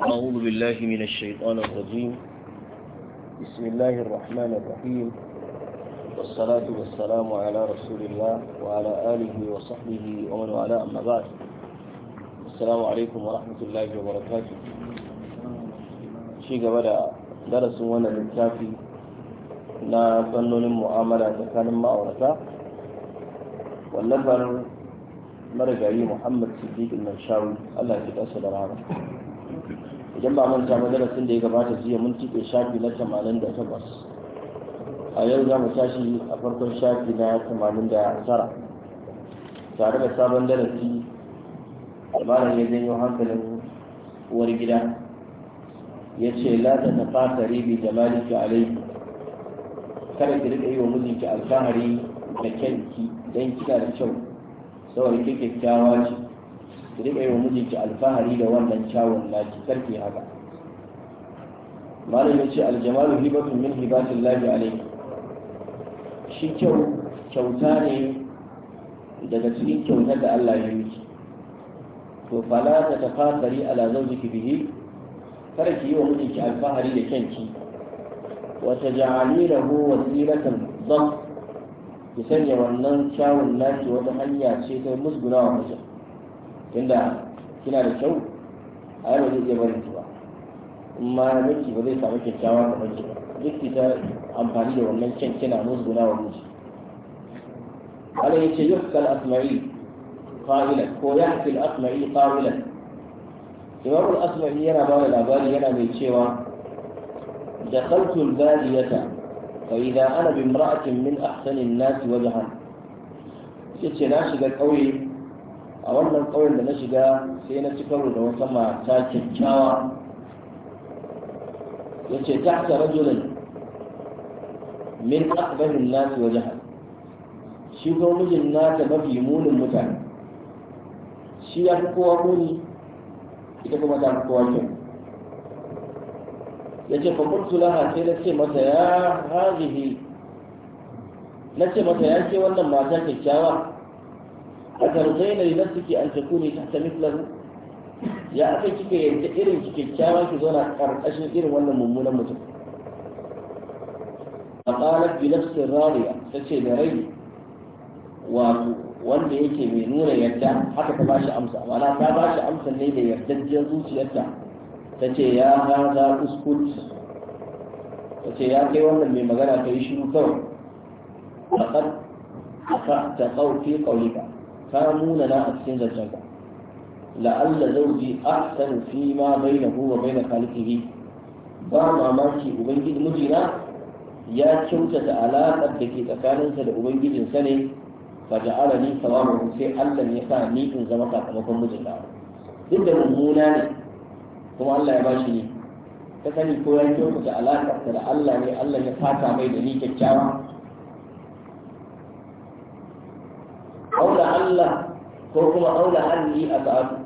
أعوذ بالله من الشيطان الرجيم بسم الله الرحمن الرحيم والصلاة والسلام على رسول الله وعلى آله وصحبه ومن والاه أما بعد السلام عليكم ورحمة الله وبركاته شيء قبل درس وانا بالكافي na fannonin mu'amala tsakanin ma'aurata wallafar marigayi muhammad siddiq al-manshawi allah ya kasa da rana idan ba manta ba darasin da ya gabata jiya mun tike shafi na 88 a yau za mu tashi a farkon shafi na 89 tare da sabon darasi malam ya janyo hankalin uwar gida ya ce la ta tafasa ribi da maliki laifi. kada ki rika yi wa mijinki alfahari da kyanki don kina da kyau saboda kike kyakkyawa ce ki riƙa yi wa mijinki alfahari da wannan kyawun naki karki haka malam ya ce aljamalu hibatun min hibatin lafi alaihi shi kyau kyauta ne daga cikin kyautar da Allah ya miki to fala ta tafakari ala zawjiki bihi kada ki yi wa mijinki alfahari da kyanki Wata wa taj'alilahu wasilatan dhab ki sanya wannan kyawun naki wata hanya ce ta musguna wa mijin tunda kina da kyau a yau zai iya barin ki ba kuma miki ba zai samu kyakkyawa kamar ki ba duk ki ta amfani da wannan kyan kina musguna wa miji Allah ya ce yuhkal asma'i qa'ilan ko yahkil asma'i qa'ilan imam al-asma'i yana ba da labari yana mai cewa دخلت البادية فإذا أنا بامرأة من أحسن الناس وجها yace na shiga ƙauye a wannan ƙauyen da na shiga sai na ci karo da wata mata kyakkyawa ya ce ta haka rajulan min akbarin nasu wajen shi ko mijin nata mafi munin mutane shi ya fi kowa muni ita kuma ta fi kowa kyau ya ce fakultu laha sai na ce mata ya hazihi na ce mata ya ce wannan mata kyakkyawa أترضين لنفسك أن تكوني تحت مثله ya aka kika yanke irin ki kyakkyawa ki zauna karkashin irin wannan mummunan mutum a ƙarar binafsin rariya ta ce da rai wato wanda yake mai nuna yarda haka ta bashi amsa mana ta bashi amsa ne da yardajiyar zuciyarta ta ce ya haza uskut ta ce ya kai wannan mai magana ta yi shiru kawai a ƙar ta ƙaufi ƙauyuka ka muna na a cikin zancen ka la'alla zauji ahsanu fi ma bainahu wa bain khaliqihi ba mamaki ubangiji mijina ya kyautata alaƙar dake tsakaninsa da ubangijinsa ne fa ja'ala sai Allah ya sa ni in zama sakamakon mijina duk da mummuna ne kuma Allah ya bashi ne ta sani ko ya kyautata alaƙar da Allah ne Allah ya fata mai da ni kyakkyawa Allah ko kuma aula anni a ba'adu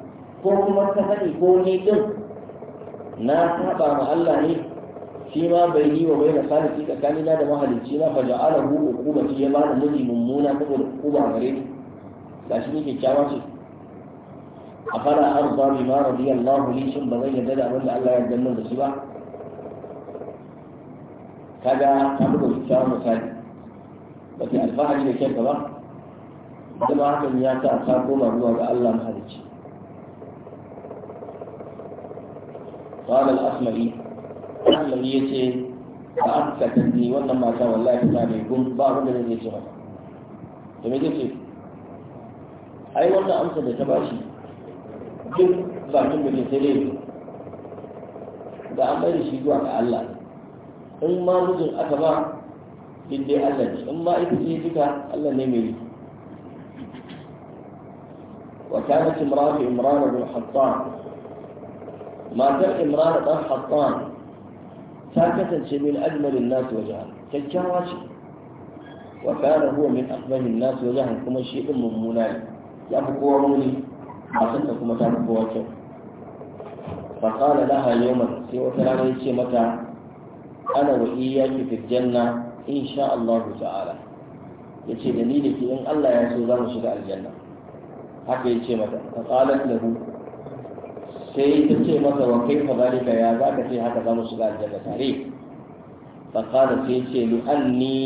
ko kuma ka faɗi ko ni din na saba ma Allah ne shi ma bai yi wa bai na salisi tsakanina da mahalicci na faja'alahu hukumati ya bani miji mummuna ko saboda hukuma gare ni gashi ni kyakkyawa ce a fara arzuwa bi ma rabi Allah li shin ba zan yarda da abin da Allah ya yarda min da shi ba kaga ka buga kyakkyawan misali ba ki alfahari da kyanka ba kuma hakan ya ta ta koma zuwa ga Allah mahalicci qala al-asma'i Allah ya ce a aka tanni wannan mata wallahi ta mai gun ba wanda zai ce ba to me ce ai wannan amsa da ta bashi duk bakin da ke sai da an bai shi zuwa ga Allah in ma mutum aka ba in dai Allah ne in ma ita ce duka Allah ne mai yi وكانت امرأة عمران بن حطان ما تر بن حطان ساكتا من أجمل الناس وجها كالجواج وكان هو من أقبل الناس وجها كما شيء من يا يبقوا موني ما تنسكم تبقوا فقال لها يوما في وكلام يشي متى أنا وإياك في الجنة إن شاء الله تعالى يشي دليلك إن الله يسوع زمشك الجنة haka ya ce mata ta tsalar da hu sai ta ce masa wa kai fadalika ya za ka ce haka za mu shiga aljanna tare fa qala sai ce ni an li anni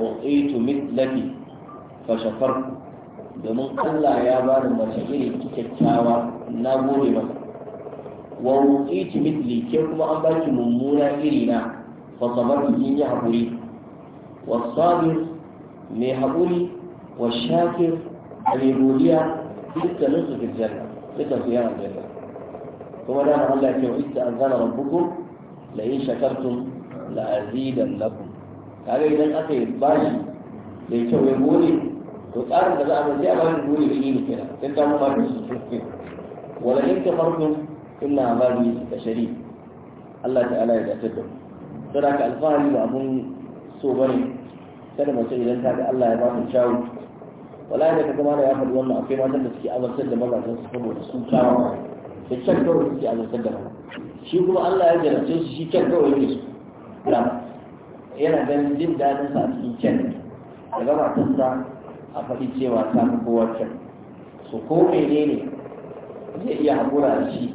u'itu mithlaki fa shakartu domin Allah ya ba da mace iri kyakkyawa na gode masa wa u'itu mithli ke kuma an baki mummuna iri na fa sabartu kin yi haƙuri wa sabir mai haƙuri wa shakir mai godiya dukkanin su fil janna dukkan su yana janna kuma da Allah ya ce itta anzana rabbukum la in shakartum la azidan lakum kaga idan aka yi bashi da kyau ya gode to tsarin da za a mai sai a bashi gode da shi ne kenan sai ta mu ba da su wala in kafartum inna azabi lashari Allah ta'ala ya dace da mu sadaka alfahari ba abun so bane kada mace idan ta ga Allah ya ba ta shawo wallahi da kuma da ya faɗi wannan akwai matan da suke azabtar da mazajen su saboda sun kawo da kyan kawai suke azabtar da shi kuma Allah ya jarabce su shi kyan kawai ne su yana ganin jin daɗin sa a cikin da gama matarsa a faɗi cewa ta fi kowa kyan su ko mene ne zai iya haƙura da shi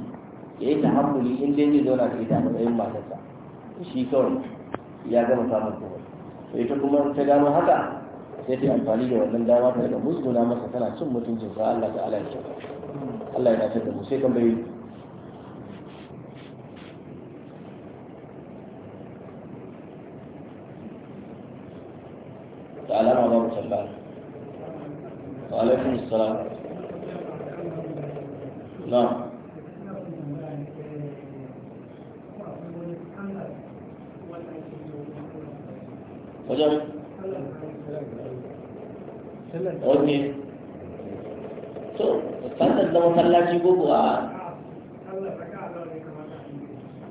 ya yi tahammuli in dai zai zauna ka yi da matsayin matarsa shi kawai ya gama samun kowa ita kuma ta gano haka sai ta amfani da wannan dama ta daga musguna masa tana cin mutuncin sa Allah ta'ala ya Allah ya dace da mu sai tambayi da alama mu talla wa alaikum assalam na'am wajen ok so fatar zama masallaci gogo a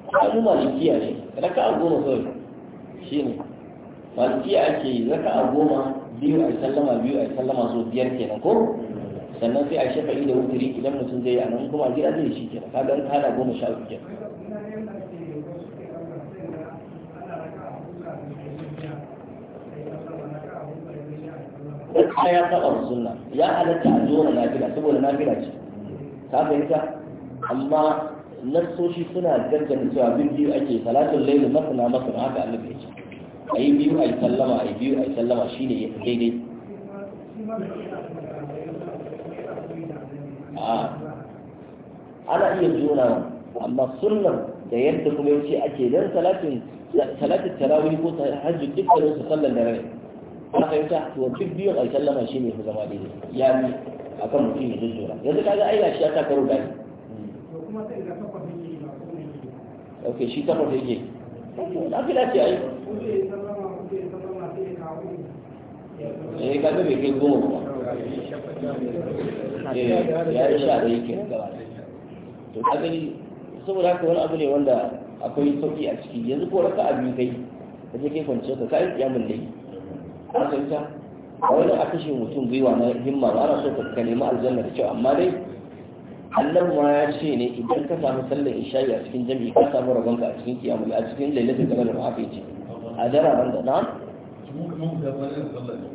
kwanu malikiya ne raka a goma kawai shi ne malikiya ake yi raka a goma biyu a sallama biyu a sallama so biyar kenan ko sannan sai a shafa'i da wuturi idan mutum zai yi a nan kuma zai zai shi kenan kaga in kana goma sha uku kenan matuƙa ya saba wa ya halatta a na nafila saboda nafila ce ta fahimta amma nassoshi suna gaggana cewa bin biyu ake salatul laili masana masana haka Allah ya ce A yi biyu a yi sallama a yi biyu a yi sallama shi ne daidai ana iya juna amma sunan da yadda kuma yace ake dan salatin salatin tarawih ko hajji dukkanin su sallan rai. yi ta to fi biyu a sallama shi ne ku zama daidai ya bi a kan mutum ya jujjura yanzu ka ga aina shi ya ta karo ni. ok shi ta kwafi yake na fi lafiya yi ya yi eh, ga bai kai goma ba eh, ya yi sha da yake to ka gani saboda haka wani abu ne wanda akwai sauki a ciki yanzu ko raka abin kai ka je kai kwanciyar ka kai ya tsiyamun an fahimta a wani a kashe mutum gwiwa na himma ba ana so ka ka nemi aljanna da kyau amma dai Allah ma ya ce ne idan ka samu sallar isha'i a cikin jami'i ka samu rabon ka a cikin kiyamul a cikin lailatul qadr ma aka yi a dara ban da na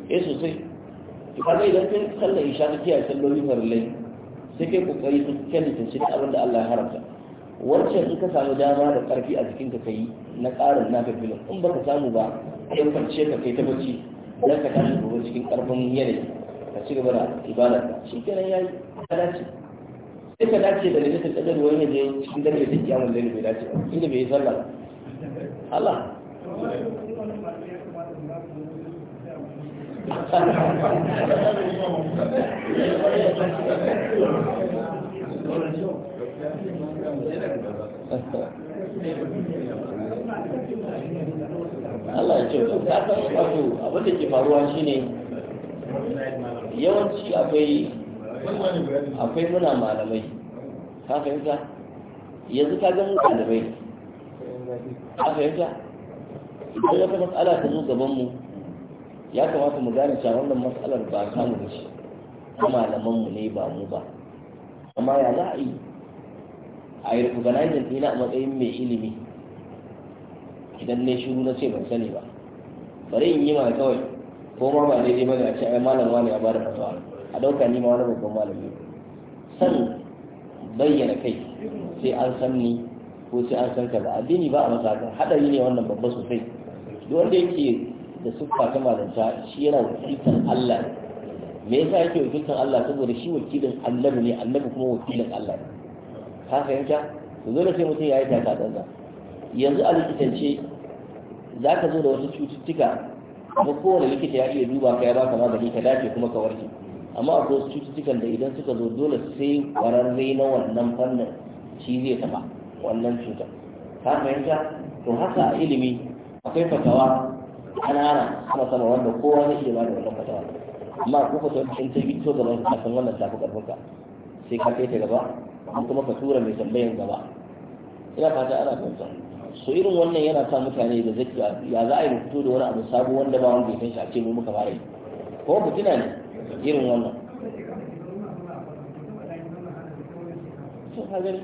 eh sosai kaga idan kin sallar isha ka kiyaye salloli farillai sai kai kokari ka kyalle shi da abin da Allah ya haramta wacce in ka samu dama da karfi a jikin ka kai na karin naka filin in baka samu ba kai kwance ka kai ta bacci dan ka tashi gobe cikin karfin yanayi ka ci gaba da ibada shi kenan yayi ka dace sai ka dace da lalatul kadar wani je cikin dare da kiyamul layl bai dace inda bai yi sallah ba Allah Thank you. Allah ya ce ka san wato abin da ke faruwa shine yawanci akwai akwai muna malamai ka fahimta yanzu ka ga mu malamai ka fahimta idan ya fata matsala ta zo gaban mu ya kamata mu gane cewa wannan matsalar ba ta mu ce malaman mu ne ba mu ba amma ya za a yi a yi recognizing ɗina a matsayin mai ilimi idan ne shiru na ce ban sani ba bari in yi ma kawai ko ma ba daidai ba ga cewa malam wani ya bada fatawa a dauka ni ma wani babban malami san bayyana kai sai an san ni ko sai an san ka ba. addini ba a masa hadari ne wannan babba sosai duk wanda yake da siffa ta malanta shi yana wakiltar Allah me yasa yake wakiltar Allah saboda shi wakilin Allah ne Allah kuma wakilin Allah ka fahimta to dole sai mutum ya yi taka tsantsan yanzu a likitance za ka zo da wasu cututtuka kuma kowane likita ya iya duba ka ya baka magani ka dace kuma ka warke amma akwai wasu cututtukan da idan suka zo dole sai kwararre na wannan fannin shi zai taba wannan cuta ka fahimta to haka a ilimi akwai fatawa ƙanana sama sama wanda kowa zai iya bada wannan fatawa amma ko fatawa in ta to gaban ka san wannan tafi karfin ka sai ka kai ta gaba kuma ka tura mai tambayan gaba ina fata ana fahimta so irin wannan yana sa mutane da zai ya za a yi fito da wani abu sabo wanda ba wanda ya san shi a ce mu muka fara yi ko tuna ne irin wannan so ka gani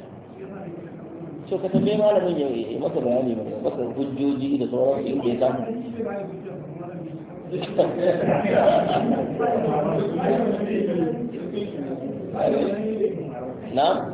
so ka tambaye malamin ya yi maka bayani mai maka hujjoji da sauran inda ya samu na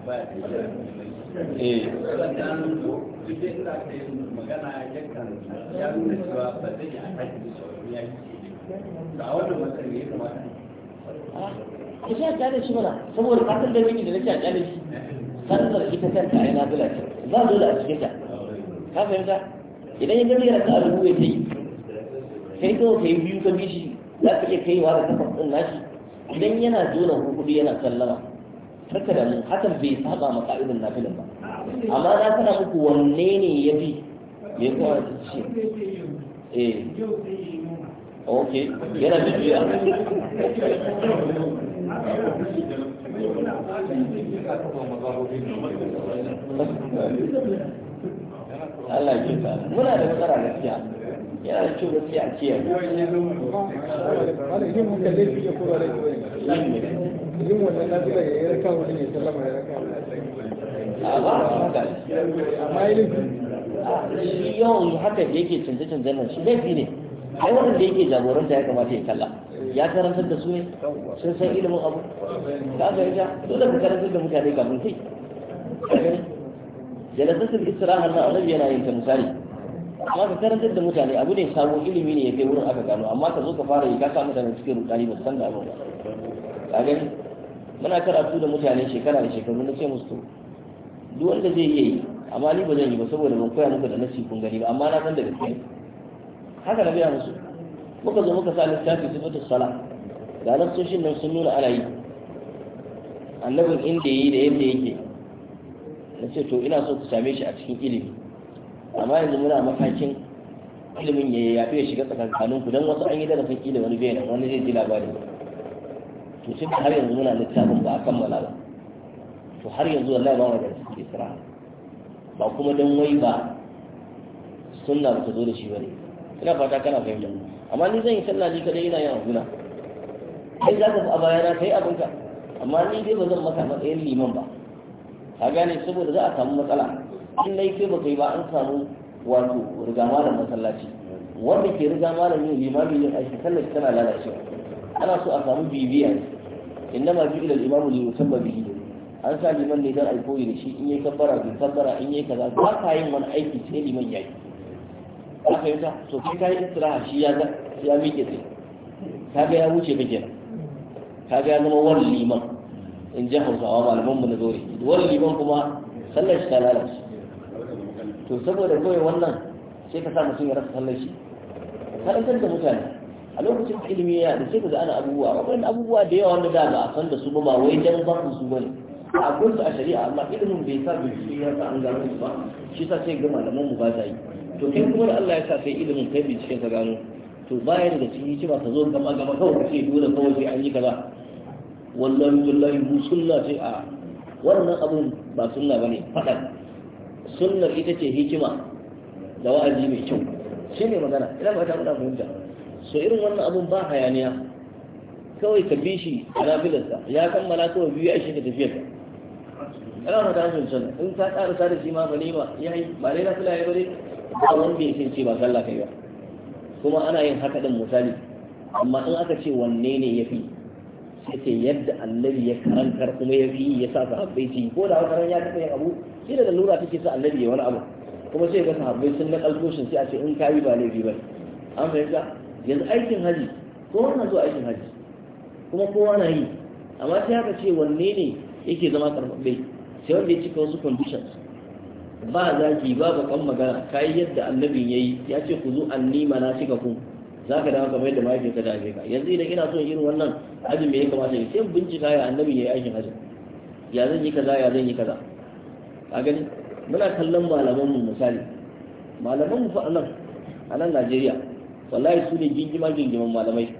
eh ya cewa ba zai da ya yi ya kyale shi mana saboda fatan da miki da nake a kyale shi sallar ita kanta ai na bila ce za zo da a cikin ta ka fahimta idan ya gami raka a dubu ya ta yi kai kawai yi biyu ka bi shi za ka iya kaiwa da takwas ɗin nashi idan yana jona hudu yana sallama kaka da mu hakan bai saba ma ka'idar nafilin ba amma na sana muku wanne ne ya bi yi ya kuma ce eh ok yana biya Allah ya ta muna da matsala gaskiya yana da kyau gaskiya a ciyar. yin wannan nafila ya yarka wani ne sallama ya raka amma yi shi yawan haka da yake canje-canjen nan shi laifi ne ai wannan da yake jagoranta ya kamata ya kalla ya karantar da su ne sun san ilimin abu ka ga ya dole ka karantar da mutane kafin kai jalasatul istiraha na annabi yana yin ta misali amma ka karantar da mutane abu ne samu ilimi ne ya kai wurin aka gano amma ka zo ka fara yi ka sa mutane cikin rudani ba san da abu ka gani muna karatu da mutane shekara da shekaru na ce musu to duk wanda zai iya yi amma ni ba zan yi ba saboda ban koya muku da nasi kun gani ba amma na san da gaske haka na gaya musu muka zo muka sa littafi sifatu sala ga nasoshin nan sun nuna ana yi annabin inda yi da yadda yake na ce to ina so ku same shi a cikin ilimi amma yanzu muna matakin ilimin ya yafi ya shiga tsakankanin ku don wasu an yi darasin ilimin wani bai nan wani zai ji ba to sai har yanzu muna littafin ba a kammala ba to har yanzu wallahi ba wanda suke kira ba kuma dan wai ba sunna ba ta zo da shi bane ina fata kana fahimta amma ni zan yi sallah ni kadai ina yin abuna kai za ka a bayana kai ka. amma ni dai ba zan maka matsayin liman ba ka gane saboda za a samu matsala in dai kai ba kai ba an samu wato riga malam masallaci wanda ke riga malam yin limamin yin aiki sallar tana lalacewa ana so a samu bibiya ne innama ju'ila al-imamu li yusamma bihi an sa liman ne dan alkoyi da shi in yayi kabbara bi kabbara in yayi kaza ba ka yin wani aiki sai liman yayi aka yi ta to kai kai istiraha shi ya ga ya miƙe sai ga ya wuce ka kenan ga ya zama wani liman in ji hausawa malaman mu na zore wani liman kuma sallar shi ta lalace to saboda kawai wannan sai ka sa mutum ya rasa sallar shi ka da mutane a lokacin da ilimi ya da sai ka ga ana abubuwa akwai abubuwa da yawa wanda da ba a san da su ba wai dan ba su bane a su a shari'a amma ilimin bai sa shi ya sa an gano su ba shi sa sai ga malaman mu ba ta yi to kai kuma da Allah ya sa sai ilimin kai cikin ka gano to baya daga cikin ba ka zo gama gama kawai kace dole kawai sai an yi kaza wallahi billahi mu sunna ce a wannan abun ba sunna bane fadan sunnar ita ce hikima da wa'azi mai kyau shine magana idan ba ta muna fahimta so irin wannan abun ba hayaniya kawai ka bi shi a nafilarsa ya kammala kawai biyu ya ishe ka tafiyar ka ana mata hashin sun in ka karasa da shi ma ba ba ya yi ba dai nafila ya bare ba wanda ya ce ba sallah kai ba kuma ana yin haka ɗin misali amma in aka ce wanne ne ya fi sai ce yadda annabi ya karantar kuma ya fi ya sa sahabbai ci ko da haka ya taɓa yin abu shi da lura take sa annabi ya wani abu kuma sai ga sahabbai sun na kalkoshin sai a ce in ka yi ba laifi ba an fahimta yanzu aikin hajji kowa na zuwa aikin haji kuma kowa na yi amma sai haka ce wanne ne yake zama karfafai sai wanda ya cika wasu conditions ba zaki ba bakan magana yi yadda annabin yi ya ce ku zo annima na cika ku za ka dama kamar yadda ta da ka yanzu idan ina son irin wannan hajjin me ya kamata yi sai bincika ya annabi ya yi aikin hajjin ya zan yi kaza ya zan yi kaza a gani muna kallon malamanmu misali malamanmu fa anan a nan najeriya wallahi su ne gingima gingiman malamai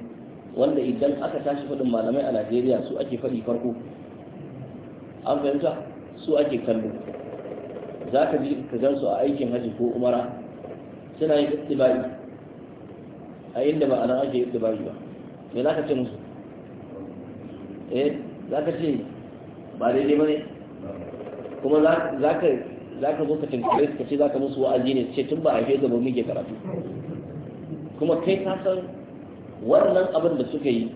wanda idan aka tashi faɗin malamai a najeriya su ake faɗi farko an fahimta su ake kallo za ka ji ka a aikin hajji ko umara suna yin ittibai a inda ba a nan ake ittibai ba me za ka ce musu eh za ka ce ba daidai ba ne kuma za ka zo ka tinkare ka ce za ka musu wa'azi ne ce tun ba a fiye da ba muke karatu kuma kai ka san wannan abin da suka yi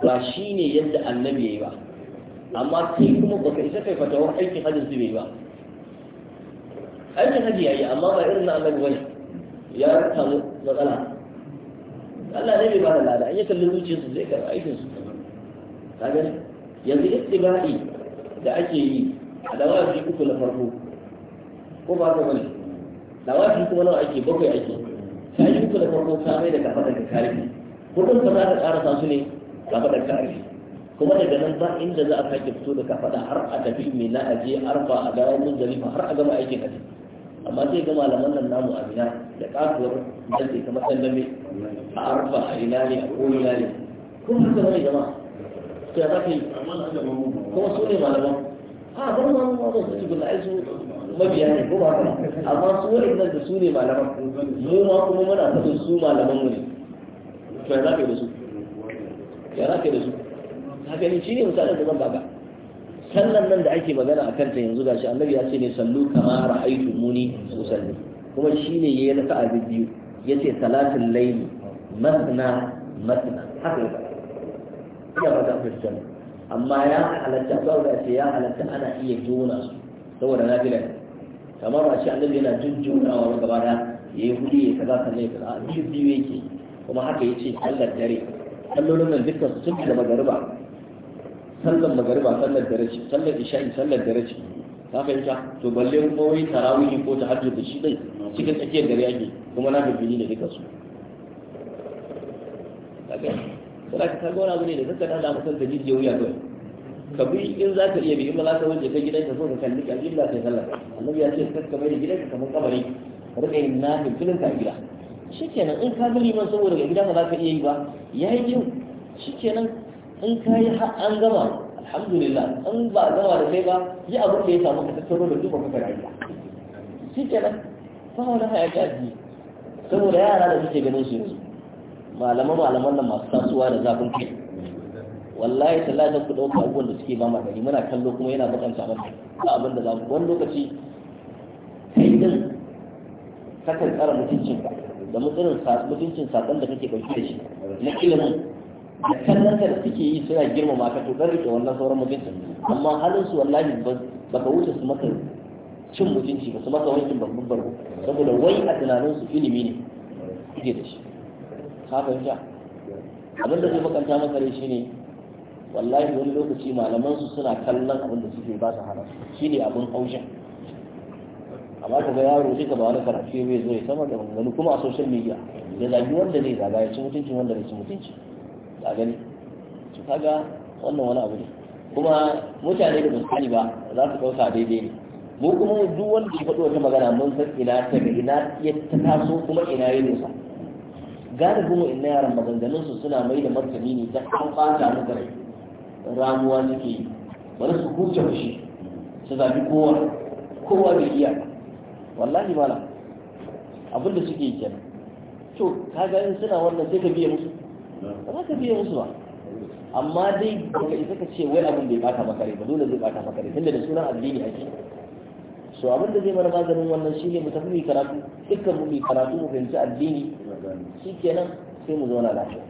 ba shi ne yadda annabi ya yi ba amma kai kuma baka isa kai fatawar aikin hajjin su bai ba aikin hajji ya yi amma ba irin na annabi bane ya samu matsala Allah ne bai ba da lada an yi kallon zuciyarsu zai karɓi aikin su ka gani yanzu ittiba'i da ake yi a dawafi uku na farko ko ba ka bane dawafi kuma nawa ake bakwai ake ka yi uku da farko ka mai da kafa daga karfi hudun ka za ka karasa su ne kafa da karfi kuma daga nan ba inda za a sake fito da kafa har a tafi mai na aje arfa a dawo mun zarifa har a gama aikin aji amma sai ga malaman nan namu amina da kasuwar dalce kamar sallame a arfa a ina ne a ko'ina ne kuma haka mai jama'a sai a zafi kuma su ne malaman a zama ma ba su ci gula ai su mabiya ne ko ba haka amma su nan da su ne malaman mu ma kuma muna sanin su malaman mu ne to ya zaka da su ya zaka da su haka ne shine misalin da zan baka sallan nan da ake magana a kanta yanzu gashi annabi ya ce ne sallu kama ra'aytu muni usalli kuma shine yayi na sa'a biyu yace salatul layli masna masna haka ne ya ba ta fi amma ya halatta ba da ya halatta ana iya jona su saboda na nafila kamar a ce annabi yana jujjuna wa gaba da yayi hudi ya kaza sannan ya kaza shi cikin biyu yake kuma haka ya ce sallar dare sallolin nan dukkan su sun da magariba sallar magariba sallar dare ce sallar isha'i sallar dare ce ka fahimta to balle ko wai tarawih ko ta tahajjud da shi dai cikin tsakiyar dare yake kuma na bibbini da dukkan su kaga sai ka kaga wani abu ne da zaka dada mutum da jijiya wuya kawai ka bi in za ka iya bi in ba za ka wuce ka gidanka so ka kalli alƙibla sai sallah annabi ya ce kar ka mai gidanka kamar kabari ka na yin nafil filin ka gida shikenan in ka bi liman saboda gida ba za ka iya yi ba ya yi jin shikenan in ka yi an gama alhamdulillah in ba gama da kai ba yi abin da ya samu ka tattaro da duba kuka rayuwa shikenan fa wani haya ka ji saboda yara da suke ganin su yanzu malama malaman nan masu tasowa da zafin kai wallahi tallahi ta ku dauka abubuwan da suke ba ma gari muna kallo kuma yana bakanta mana ba abin da za mu wani lokaci kai din kakan tsara mutuncin ka da mutuncin mutuncin sakon da kake ɗauki da shi na ilimin da kallon da suke yi suna girmama ka to dan rike wannan sauran mutuncin amma halin su wallahi ba ka wuce su maka cin mutunci ba su maka wankin babban barko saboda wai a tunanin su ilimi ne suke da shi ka fahimta abin da zai bakanta masarai rai shine wallahi wani lokaci malaman su suna kallon abin da suke ba su hana shi ne abin haushin amma ka ga yaro duka ba wani karatu bai zo ya sama da wani kuma a social media ya zagi wanda zai zaga ya ci mutunci wanda ne ci mutunci a gani su kaga wannan wani abu ne kuma mutane da basu ba za su ɗauka daidai ne mu kuma duk wanda ya faɗi wata magana mun san ina ta ga ina ya ta taso kuma ina ya nusa galibin wa'in na yaran maganganunsu suna mai da martani ne ta an fata muka rai ramuwa suke yi bari su huce fushi su zabi kowa kowa bai iya wallahi mala abin da suke kenan to kaga in suna wannan sai ka biya musu ba za ka biya musu ba amma dai baka isa ka ce wai abin bai bata makare ba dole zai bata makare. tunda da sunan addini ake so abin da zai mana maganin wannan shine mu tafi mu karatu dukkan mu mu karatu mu fahimci addini shikenan sai mu zauna lafiya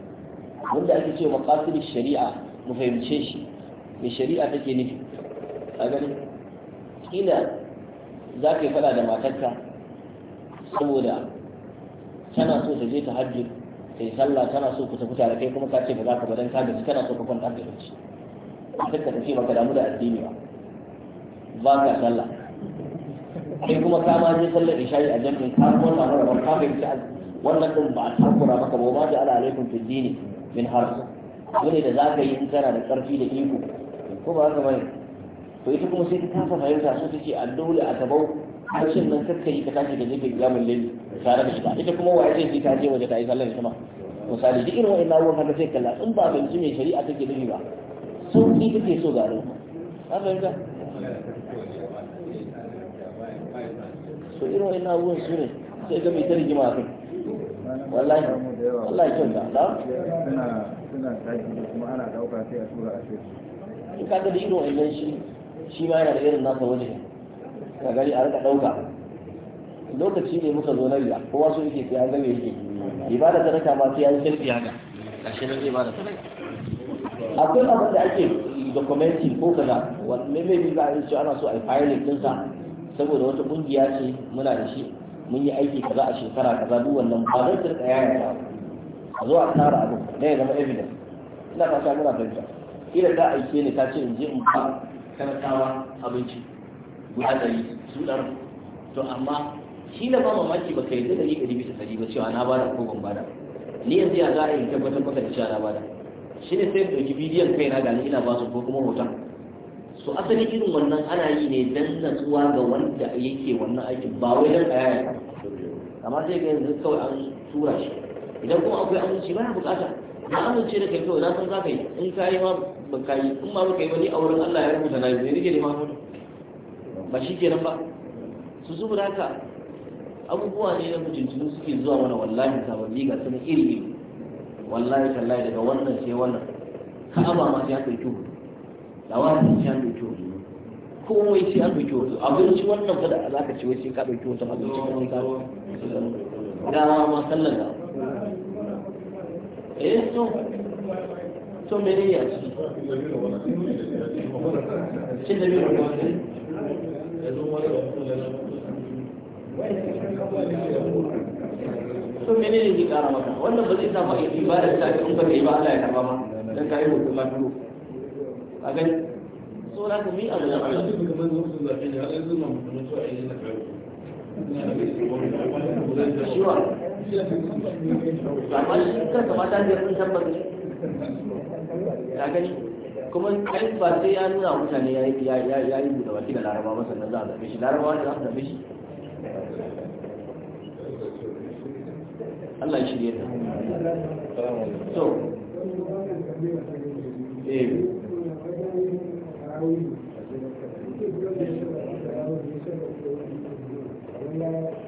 wanda ake cewa maqasid shari'a mu fahimce shi mai shari'a take nufi a gani kila za ka yi fada da matarka saboda tana so ta je ta hajji ta yi sallah tana so ku tafi da kai kuma ka ce ba za ka ba dan ka gaji tana so ka kwanta ka yanci matarka ta ce ba ka damu da addini ba ba ka sallah kai kuma ka ma je sallar isha'i a jami'in ka kuma ta mara ka fahimci wannan din ba a takura maka ba ma da ala alaikum fi dini min harsu wani da za ka yi in da ƙarfi da iko ko ba haka bane to ita kuma sai ta kasa fahimta ta ce a dole a tabau harshen nan kakka yi ka tashi da jikin yamin lalle tare da ita ita kuma waye sai ta je waje ta yi sallar sama misali duk irin wa'in abubuwan haka sai kalla in ba fahimci mai shari'a take nufi ba sauƙi kake so gare ka fahimta so irin wa'in abubuwan su ne sai ga mai ta rigima a kai wallahi Allah ya kyauta da suna suna taki kuma ana dauka sai a tura a shi ka ga irin wannan shi shi ma yana da irin nasa waje ka gari a rika dauka lokaci ne muka zo na riya kowa so yake sai an game yake ibada ta raka ma sai an selfie haka kashi nan ibada ta raka akwai abin da ake documenting ko kaza wanne mai bi za a yi ana so a yi filing ɗinsa saboda wata ƙungiya ce muna da shi mun yi aiki kaza a shekara kaza duk wannan ba zai tsirka yayin ba a zo a tara abin ne zama evidence ina sha muna fahimta idan za a aike ne ta ce in je in ba karatawa abinci guda dari su ɗari to amma shi na ba mamaki ba kai zai ɗari bisa ɗari ba cewa na bada ko ban bada ni yanzu ya za a yi tabbatar maka da cewa na bada shi ne sai ɗauki bidiyon kai na gani ina ba su ko kuma hoton so asali irin wannan ana yi ne dan natsuwa ga wanda yake wannan aikin ba wai dan a yaya amma sai ga yanzu kawai an tura shi idan kuma akwai aminci ba na bukata na amince da kai na san za ka yi in ka yi ma ba ka yi in ma ba ka yi ba ni a wurin Allah ya rubuta na yi ne ma neman hudu ba shi kenan ba su zubu da haka abubuwa ne na mutuntunu suke zuwa mana wallahi sababbi ga suna iri iri wallahi tallahi daga wannan sai wannan Ka ma sai an ɗauki hudu lawarin sai an ɗauki hudu komai sai an ɗauki hudu abinci wannan fa da za ka ci wai sai ka ɗauki hudu abinci ka ɗauka ma sallan eh to to mene ya ci cin to mene ne zai kara maka ba zai samu aiki ba da ta in ba ka yi ya karba ma dan ka yi hoto ma duro a gani so na ka mi abu da Allah shiwa kuma ba sai nuna mutane ya yi ya yi da wata da ba sannan za a za a shi Allah shi ne so eh. Thank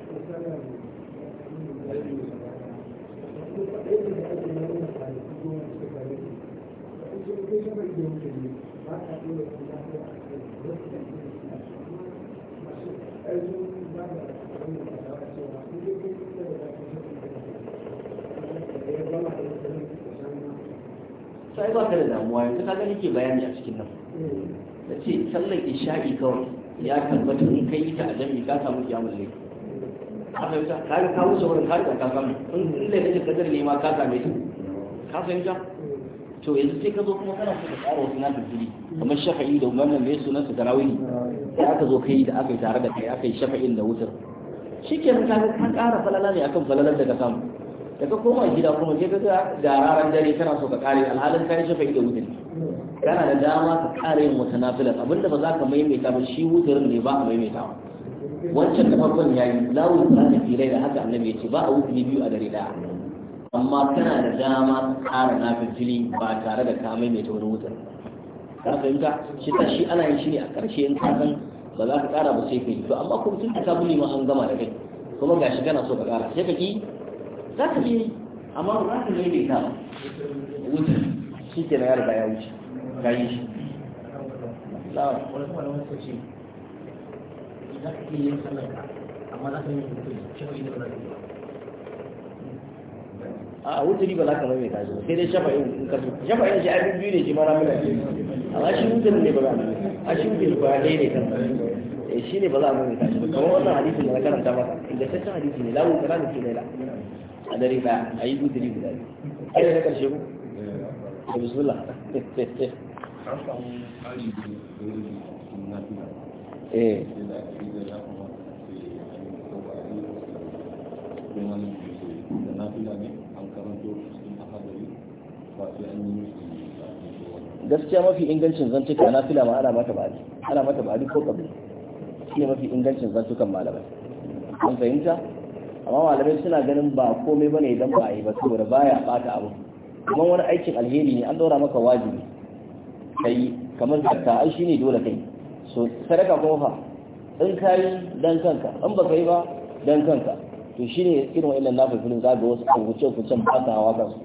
sai ba ka da damuwa yanzu ka gani ke bayani a cikin nan da ce sallar isha'i kawai ya tabbata in kai ta a jami'i ka samu kiyamun laifi ka fahimta ka ga kawo sauran ka ka samu in laifin kadar ne ma ka same ta ka fahimta to yanzu sai ka zo kuma kana so ka tsara wasu nan fili kamar shafa'i da wannan mai sunan sa tarawih sai aka zo kai da aka yi tare da kai aka yi shafa'in da wutar shikenan ka kan ƙara falala ne akan falalar da ka samu ka koma gida kuma sai ka ga da ranar dare kana so ka kare alhalin kai shafa'i da wutar kana da dama ka ƙara yin wata nafilar abinda ba za ka maimaita ba shi wutarin ne ba a maimaita ba wancan da farkon yayi lawul salati firai da haka annabi ya ce ba a wuce biyu a dare daya amma kana da dama tsara na fili ba tare da ka maimaita wani wutar ka fahimta shi ta shi ana yin shi ne a ƙarshe in ka san ba za ka ƙara ba sai ka yi to amma kuma tun da ka buli ma an gama da kai kuma ga shi kana so ka ƙara sai ka ki za ka yi amma ba za ka maimaita ta wutar shi ke na ya riga ya wuce ka yi shi amma za ka yi mutum kyau ba za ka yi ba a wuturi ba za ka mai kaji sai dai shafa in ka shafa shafa'in shi abin biyu ne shi mara muna biyu amma shi wuturi ne ba za a shi wuturi ba ɗaya ne kan eh, shi ne ba za a mai kaji shi kamar wannan hadisin da na karanta inda sassan hadisi ne lawo kana da ke laila a dare ba a yi wuturi guda biyu ai da na karshe ku da eh, bismillah eh Thank you. gaskiya mafi ingancin zantuka na fila ma ana mata ba'adi ana mata ba'adi ko kabi shi mafi ingancin zantukan malamai an fahimta amma malamai suna ganin ba komai ne idan ba a yi ba saboda baya bata abu kuma wani aikin alheri ne an daura maka wajibi kai kamar an shi ne dole kai so sadaka kuma fa in kai dan kanka in baka yi ba dan kanka to ne irin wa'annan nafilin za ga wasu kunguce kuncen ba ta hawa su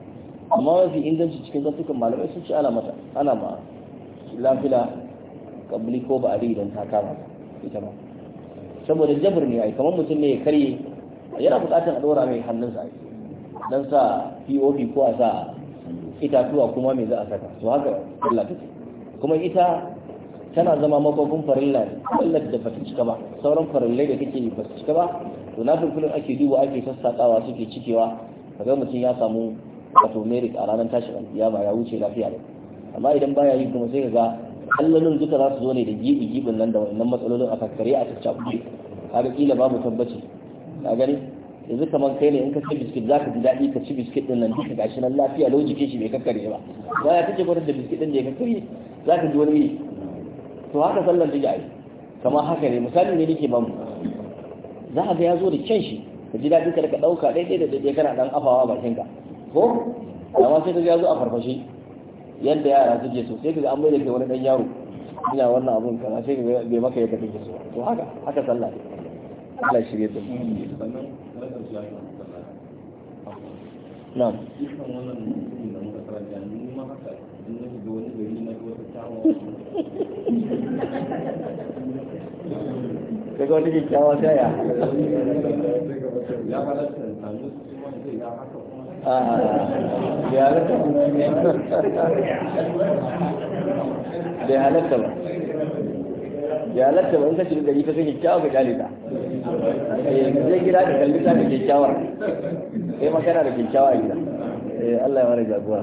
amma mafi inganci cikin zantukan malamai sun ce ana mata ana ma lafila kabli ko ba a idan ta kama ita ba saboda jabir ne ai kamar mutum ne ya karye yana buƙatar a ɗora mai hannunsa don sa pop ko a sa itatuwa kuma mai za a saka su haka Allah kuma ita tana zama makofin farilla ne sallar da fata cika ba sauran farillai da kake ba cika ba to na fulfulun ake duba ake sassaƙawa suke cikewa kaga mutum ya samu wato merit a ranar tashin ba ya wuce lafiya ne amma idan baya yi kuma sai ka ga Allolin duka za su zo ne da gibi gibin nan da wannan matsalolin a kakkare a caccakuɗe kaga kila babu tabbaci ka gani yanzu kamar kai ne in ka ci biskit za ka ji daɗi ka ci biskit ɗin nan duka gashi nan lafiya lau jikin shi bai kakkare ba baya kake gwada da biskit ɗin da ya kakkare za ka ji wani to haka sallar take ai kamar haka ne misali ne nake ban za ka ga yazo da kyan shi ka ji dadin ka da ka ɗauka daidai da daidai kana dan afawa bakin ka ko amma sai ka ga ya a farfashe yadda yara suke so sai ka ga an bai da ke wani ɗan yaro ina wannan abun kana sai ka ga bai maka yadda kake so to haka haka sallah ne Allah shirye da mu na'am in na shiga wani gari na wata wani ta ya ya halatta sami su kuma ya haka halatta halatta ba ya halatta ba in ka shiga gari ka zai eh, gida ka kalli ta kyakkyawar kai kana da kyakkyawa a gida eh, Allah ya mara jagora